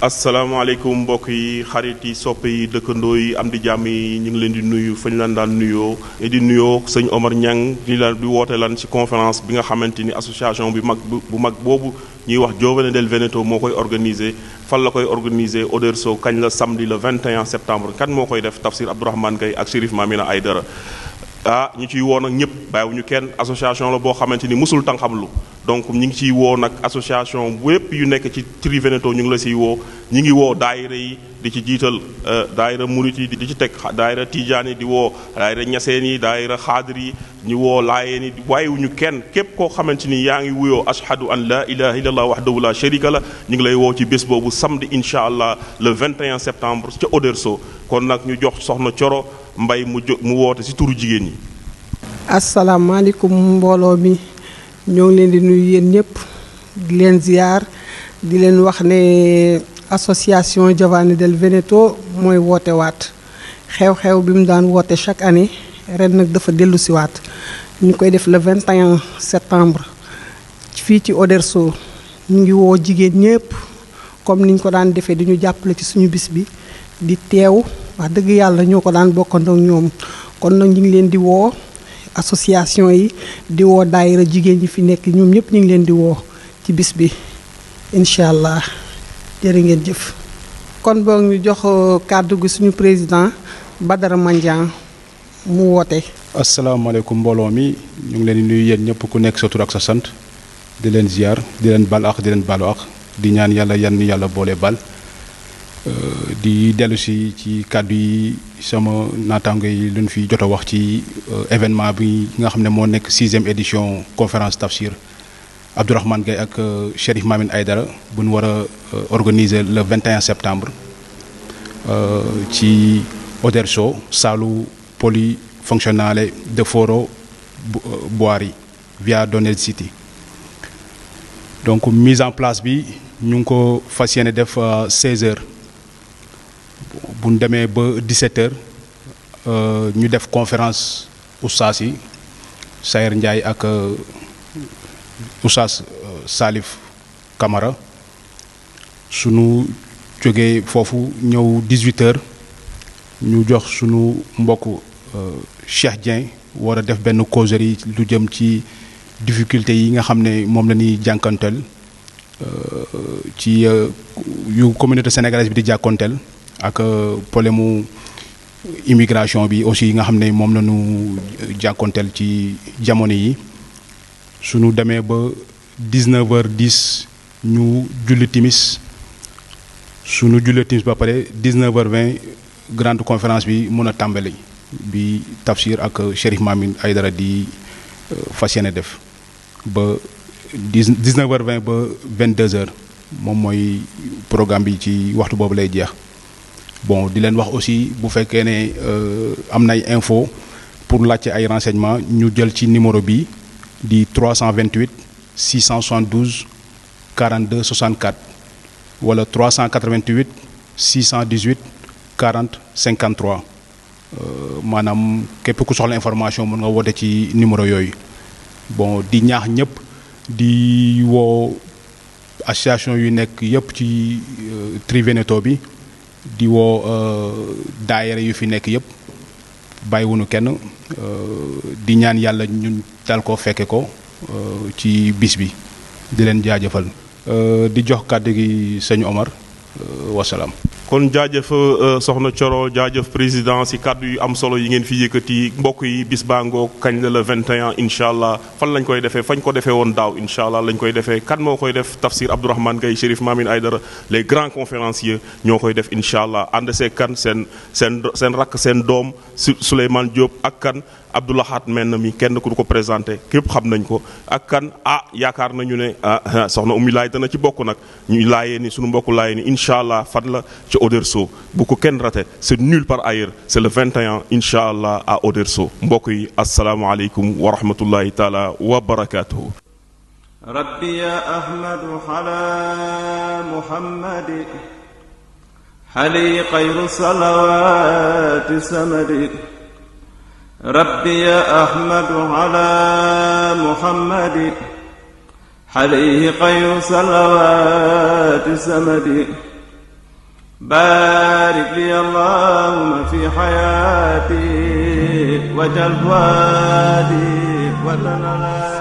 asalaamaaleykum mbokk yi xarit yi soppe yi dëkkandoo yi am di jàmm yi ñu ngi leen di nuyu fa ñu leen daan nuyoo di nuyoo sëñ Omar Niang di la di woote lan ci conférence bi nga xamante ni association bi mag bu mag boobu ñuy wax Giovane del Veneto moo koy organisé fan la koy organisé Oderzo kañ la samedi le 21 septembre kan moo koy def Tafsir Abdourahmane Gaye ak Chérif ay dara ah ñu ciy woon ak ñëpp ñu kenn association la boo xamante ni musul tànqamlu donc ñu ngi ciy woo nag association bu yépp yu nekk ci Tri ñu ngi la siy woo ñu ngi woo daayira yi di ci jiital euh, daayira murit yi di ci teg daayira tijaan yi di woo daayira ñaseen yi daayira xaadir yi ñu woo laayeen yi bàyyiwuñu kenn képp koo xamante ni yaa ngi wuyoo ashhadu an la ilaha wax wahdahu la sharika la ñu ngi lay woo ci bés boobu samedi incha allah le 21 septembre ca Oderso kon nag ñu jox soxna Coro Mbay mu jo mu woote si turu jigéen ñi asalaamaaleykum mbooloo mi ñoo ngi leen di nuyu yéen ñëpp di leen ziar di leen wax ne association Giovanni del Veneto mooy woote waat xew-xew bi mu daan woote chaque année ren nag dafa dellu waat ñu koy def le 21 septembre fii ci Oderso ñu ngi woo jigéen ñëpp comme niñ ko daan defee di ñu jàppale ci suñu bis bi di teew wax dëgg yàlla ñoo ko daan bokkandoo ñoom kon nag ñu ngi leen di woo association yi diwoo woo daayira jigéen ñi fi nekk ñoom ñëpp ñu ngi leen di woo ci bis bi incha allah jërë ngeen jëf. kon boog ñu jox euh, kàddu gi suñu président Badara Mandiang mu woote. asalaamaaleykum mbooloo mi ñu ngi leen di nuyu yéen ñëpp ku nekk sa tur ak sa sant di leen ziar di leen bal ak di leen balu ak di ñaan yàlla yan yàlla boole bal. Euh, di dellu si ci kàddu yi sama naataango yi luñ fi jot a wax ci euh, événement bi nga xam ne moo nekk sixième édition conférence tafsir Abdourahmane Gaye ak euh, Chérif Mamine Aydara bu ñu war a organiser le 21 septembre ci Oderso salu fonctionnale de Foro Boari via Donnel City donc mise en place bi ñu ngi ko fas yéene def 16 heures. bu ñu demee ba 17h euh, ñu def conférence oustaz yi Sayer Ndiaye ak euh, oustaz euh, Salif kamara sunu jógee foofu ñëw 18h ñu jox sunu mbokk Cheikh Dieng war a def benn causerie lu jëm ci difficulté yi nga xam ne moom la ñuy jànkantel ci yu communauté sénégalaise bi di jànkonteel ak euh, problème mu immigration bi aussi nga xam ne moom la ñu jàkkonteel ci jamono yi suñu demee ba 19 heures 10 ñu julli timis suñu julli timis ba pare 19 heures 20 grande conférence bi mun a tàmbali bi Tafsir ak Chérif ay dara di euh, fas yéene def ba 19 heures 20 ba 22 heures moom mooy programme bi ci waxtu boobu lay jeex. bon di leen wax aussi bu fekkee ne euh, am nay info pour laajte ay renseignements ñu jël ci numéro bi di 328 672 42 64 wala 388 618 40 53 maanaam képp ku soxla information mun nga woote ci numéro yooyu bon di ñaax ñëpp di woo association yu nekk yëpp ci euh, Triveneto bi. di woo euh, daayira yu fi nekk yëpp bàyyiwuñu kenn euh, di ñaan yàlla ñun dal ko fekke ko euh, ci bis bi di leen jaajëfal di jox kàddu gi sëñ Omar wasalaam. kon jaajëf euh, soxna Coro jaajëf président si kàddu yu am solo yi ngeen fi yëkkati mbokk yi bis baa ngoog kañ la vingt 21 incha allah fan lañ koy defee fañ ko defee woon daaw incha allah lañ koy defee kan moo koy def Tafsir Abdourahmane Gaye Chérif Mamine Aydara les grands conférenciers ñoo koy def incha allah ànd see kan seen seen seen rakk seen doom Souleymane Diop ak kan. Abdoulahat Menn mi kenn ku ko présenté képp xam nañ ko ak kan ah yaakaar nañu ne ah, ah soxna Oumy Laay dana ci bokk nag ñuy laayee ni suñu mbokku laayee ni incha allah fan la ci soo bu ko kenn rate c'est nul par ailleurs c'est le 21 incha allah a Oderso mbokk yi asalaamualeykum wa rahmatullahi taala wa barakaatuhu. ربي أحمد على محمد حلي خير rabbi ya ahmadu ala muhammadi alayhi xayru salawaati samadi baarik li allahuma fi xayaati wajal waadi wa tanala